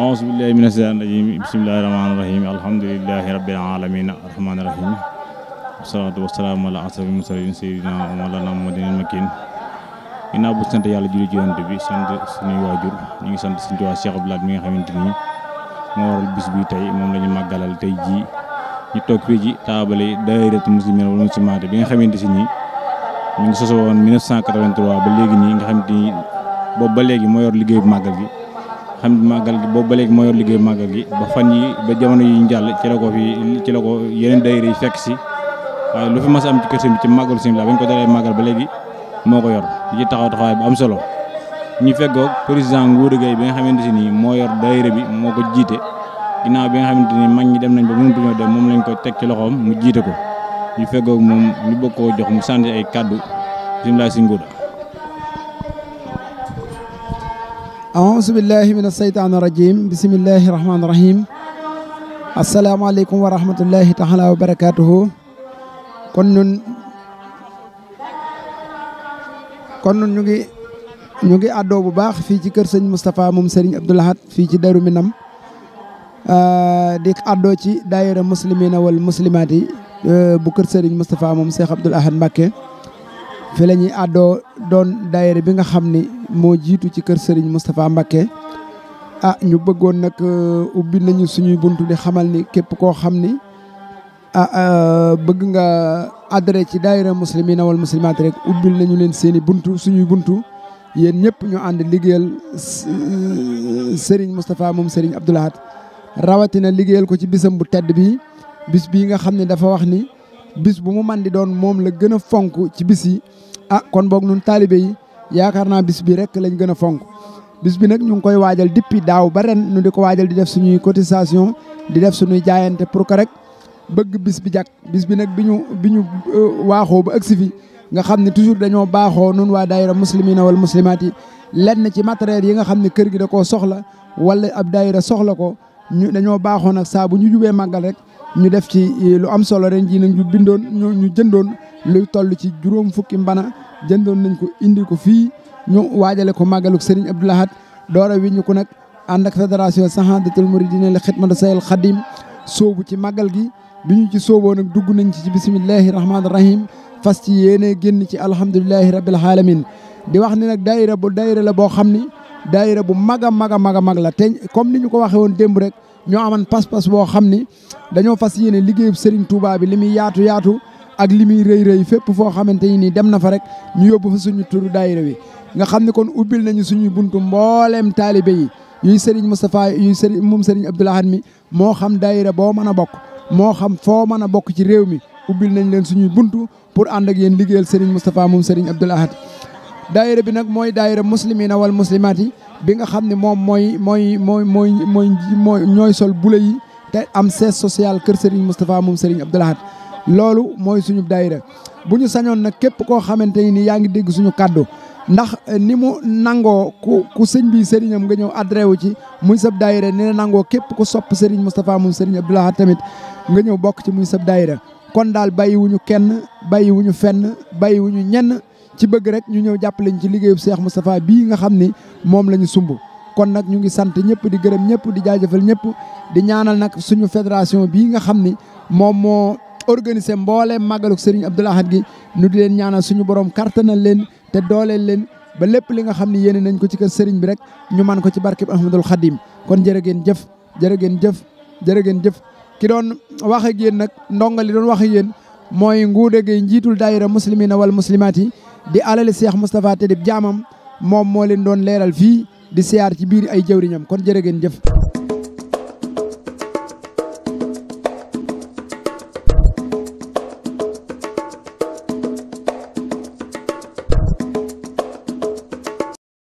aouzu billahi mina shaytaani rajim bismillahi rahmaani rahim alhamdulilahi rabbil alamin arrahmaani rahim wasalaatu wasalaamu ala asrafil mursalin sayyidina makin ginnaaw bu sant yàlla julli ci yonent bi sant suñuy waajur ñu ngi sant si tuwaa Cheikh Abdou Lahad mi nga xamante ni moo waral bis bi tey moom la ñu màggalal tey jii ñu toog fii ji taabale daayiratu muslimina wal muslimaat bi nga xamante si nii mu ngi soso woon 1983 ba léegi nii nga xamante ni ba léegi moo yor liggéeyu màggal gi xam màggal gi boobu ba léegi moo yor liggéey màggal gi ba fan yi ba jamono yi ñu jàll ci la ko fi ci la ko yeneen daayira yi fekk si waaye lu fi mas am ci bi ci màggalu Sëñ Abdou Lahad bañ ko dalee màggal ba léegi moo ko yor di ci taxaw taxawaay bu am solo ñu feggoog président Nguuda Gaye bi nga xamante si nii moo yor daayira bi moo ko jiite ginnaaw bi nga xamante ni mag ñi dem nañ ba mënatuñoo dem moom lañ ko teg ci loxoom mu jiite ko ñu feggoog moom ñu bëgg koo jox mu sànni ay kàddu bisimilah si Nguuda أعوذ بالله من الشيطان الرجيم بسم الله الرحمن الرحيم السلام عليكم ورحمة الله تعالى وبركاته كنن كنن نجي نجي أدو بباخ في جكر سن مصطفى موم سرين عبد الله في جدار منام آه، ديك أدو تي دائرة مسلمين والمسلمات آه، بكر سرين مصطفى موم سيخ عبد الله مكه fi la ñuy àddoo doon daayira bi nga xam ni moo jiitu ci kër Serigne Moustapha Mbacké ah ñu bëggoon nag euh, ubbi nañu suñuy buntu di xamal ni képp koo xam ni ah euh, bëgg nga adhéré ci daayira muslimina wal muslimat rek ubbil nañu leen seeni buntu suñuy buntu yéen ñëpp ñu ànd liggéeyal euh, sëriñ Moustapha moom Serigne Abdou rawatina liggéeyal ko ci bisam bu tedd bi bis bii nga xam ne dafa wax ni bis bu mu man di doon moom la gën a fonk ci bis yi ah kon boog nun taalibe yi yaakaar naa bis bi rek lañ gën a fonk bis bi nag ñu ngi koy waajal depuis daaw ba ren ñu di ko waajal di def suñuy cotisation di def suñuy jaayante pour que rek bëgg bis bi jàkk bis bi nag bi ñu bi ñu euh, waaxoo ba agsi fi nga xam ne toujours dañoo baaxoo nun waa daayira muslimina wal muslimaat yi lenn ci matériel yi nga xam ne kër gi da koo soxla wala ab daayira soxla ko ñu dañoo baaxoo nag saa bu ñu jubee màggal rek ñu def ci eh, lu am solo ren jii nag ñu bindoon ñu jëndoon luy toll ci juróom fukki mbana jëndoon nañ ko indi ko fii ñu waajale ko màggaluk sëriñ Abdou Lahad wi ñu ko nag ànd ak fédération Sahadatul Mouridina li xidmatu Sayil Xadim soobu ci màggal gi bi ñu ci sooboo nag dugg nañ ci ci bisimillahi rahmaani rahim fas ci yéene génn ci alhamdulilahi rabbil alamin di wax ni nag daayira bu daayira la boo xam ni daayira bu mag a mag a mag a mag te comme ni ñu ko waxee woon démb rek ñoo aman pas-pas boo xam ni dañoo fas yéene liggéeyub Serigne Touba bi li muy yaatu yaatu ak limi muy rëy rëy fépp foo xamante ni nii dem na fa rek ñu yóbbu fa suñu turu daayira wi nga xam ne kon ubbil nañu suñuy buntu mbooleem taalibe yi yuy Serigne Moustapha yuy Serigne moom Serigne Abdoul Ahad mi moo xam daayira boo mën a bokk moo xam foo mën a bokk ci réew mi ubbil nañ leen suñuy buntu pour ànd ak yéen liggéeyal Serigne Moustapha moom Serigne Abdoul Ahad bi nag mooy daayira muslimina wal muslimaat yi bi nga xam ni moom mooy mooy mooy mooy mooy mooy ñooy sol bule yi te am siège social kër Serigne Moustapha moom Serigne Abdoul Ahad loolu mooy suñu daayira bu ñu sañoon nag képp koo xamante ni yaa ngi dégg suñu kàddu ndax eh, ni mu nangoo ku ku sëñ bi sëriñam nga ñëw adré wu ci muy sab daayira ni la nangoo képp ku sopp sëriñ Moustapha moom sëriñ Abdoulaye tamit nga ñëw bokk ci muy sab daayira kon daal ñu kenn bàyyiwuñu fenn bàyyiwuñu ñenn ci bëgg rek ñu ñëw jàppale ñu ci liggéeyub Seex Moustapha bii nga xam ni moom la ñu sumb kon nag ñu ngi sant ñëpp di gërëm ñëpp di jaajëfal ñëpp di ñaanal nag suñu fédération bii nga xam ni moom moo organiser mbooleem màggaluk Serigne Abdoul Ahad gi nu di leen ñaanal suñu borom kartanal leen te dooleel leen ba lépp li nga xam ne yéene nañ ko ci kër sëriñ bi rek ñu man ko ci barkeb Ahmadul Xadim kon jërë ngeen jëf jërë ngeen jëf jërë ngeen jëf ki doon wax ak yéen nag ndonga li doon wax ak yéen mooy nguude gi njiitul daayira muslimina wal muslimaat yi di alali Cheikh Moustapha Tedib jaamam moom moo leen doon leeral fii di siyaar ci biir ay jëwriñam kon jërë ngeen jëf